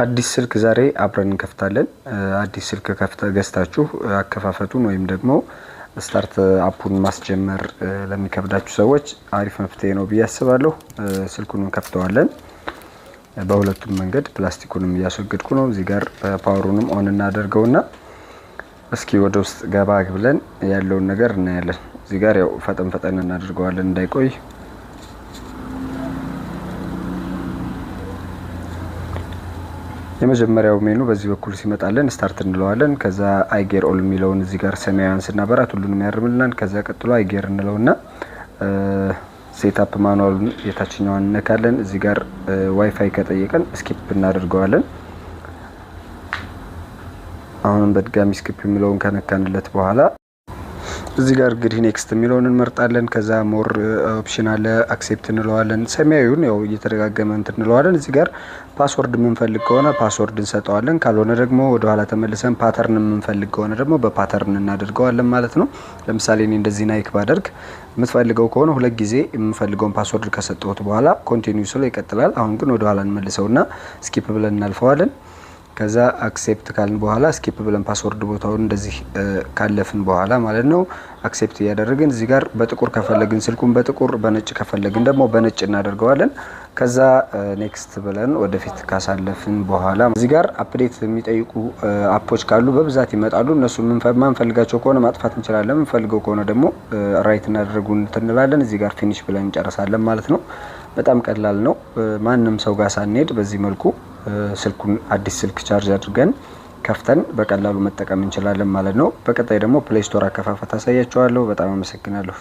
አዲስ ስልክ ዛሬ አብረን እንከፍታለን። አዲስ ስልክ ከፍተ ገዝታችሁ አከፋፈቱን ወይም ደግሞ ስታርት አፑን ማስጀመር ለሚከብዳችሁ ሰዎች አሪፍ መፍትሄ ነው ብዬ አስባለሁ። ስልኩን እንከፍተዋለን በሁለቱም መንገድ ፕላስቲኩንም እያስወገድኩ ነው። እዚህ ጋር ፓወሩንም ኦን እናደርገውና እስኪ ወደ ውስጥ ገባ ብለን ያለውን ነገር እናያለን። እዚህ ጋር ያው ፈጠን ፈጠን እናደርገዋለን እንዳይቆይ የመጀመሪያው ሜኑ በዚህ በኩል ሲመጣለን ስታርት እንለዋለን። ከዛ አይጌር ኦል የሚለውን እዚህ ጋር ሰማያዊን ስናበራት ሁሉንም ያርምልናል። ከዛ ቀጥሎ አይጌር እንለውና ሴታፕ ማኑዋሉን የታችኛዋን እነካለን። እዚህ ጋር ዋይፋይ ከጠየቀን ስኪፕ እናደርገዋለን። አሁንም በድጋሚ ስኪፕ የሚለውን ከነካንለት በኋላ እዚህ ጋር እንግዲህ ኔክስት የሚለውን እንመርጣለን። ከዛ ሞር ኦፕሽን uh, አለ አክሴፕት እንለዋለን። ሰማያዊውን ያው እየተደጋገመ እንትን እንለዋለን። እዚህ ጋር ፓስወርድ የምንፈልግ ከሆነ ፓስወርድ እንሰጠዋለን። ካልሆነ ደግሞ ወደኋላ ተመልሰን ፓተርን የምንፈልግ ከሆነ ደግሞ በፓተርን እናደርገዋለን ማለት ነው። ለምሳሌ እኔ እንደዚህ ናይክ ባደርግ የምትፈልገው ከሆነ ሁለት ጊዜ የምፈልገውን ፓስወርድ ከሰጠሁት በኋላ ኮንቲኒው ስለው ይቀጥላል። አሁን ግን ወደኋላ እንመልሰውና ስኪፕ ብለን እናልፈዋለን። ከዛ አክሴፕት ካልን በኋላ ስኪፕ ብለን ፓስወርድ ቦታውን እንደዚህ ካለፍን በኋላ ማለት ነው አክሴፕት እያደረግን እዚህ ጋር በጥቁር ከፈለግን ስልኩን በጥቁር በነጭ ከፈለግን ደግሞ በነጭ እናደርገዋለን። ከዛ ኔክስት ብለን ወደፊት ካሳለፍን በኋላ እዚህ ጋር አፕዴት የሚጠይቁ አፖች ካሉ በብዛት ይመጣሉ። እነሱ ማንፈልጋቸው ከሆነ ማጥፋት እንችላለን። የምንፈልገው ከሆነ ደግሞ ራይት እናደርጉን እንላለን። እዚህ ጋር ፊኒሽ ብለን እንጨርሳለን ማለት ነው። በጣም ቀላል ነው። ማንም ሰው ጋር ሳንሄድ በዚህ መልኩ ስልኩን አዲስ ስልክ ቻርጅ አድርገን ከፍተን በቀላሉ መጠቀም እንችላለን ማለት ነው። በቀጣይ ደግሞ ፕሌይ ስቶር አከፋፈት አሳያችኋለሁ። በጣም አመሰግናለሁ።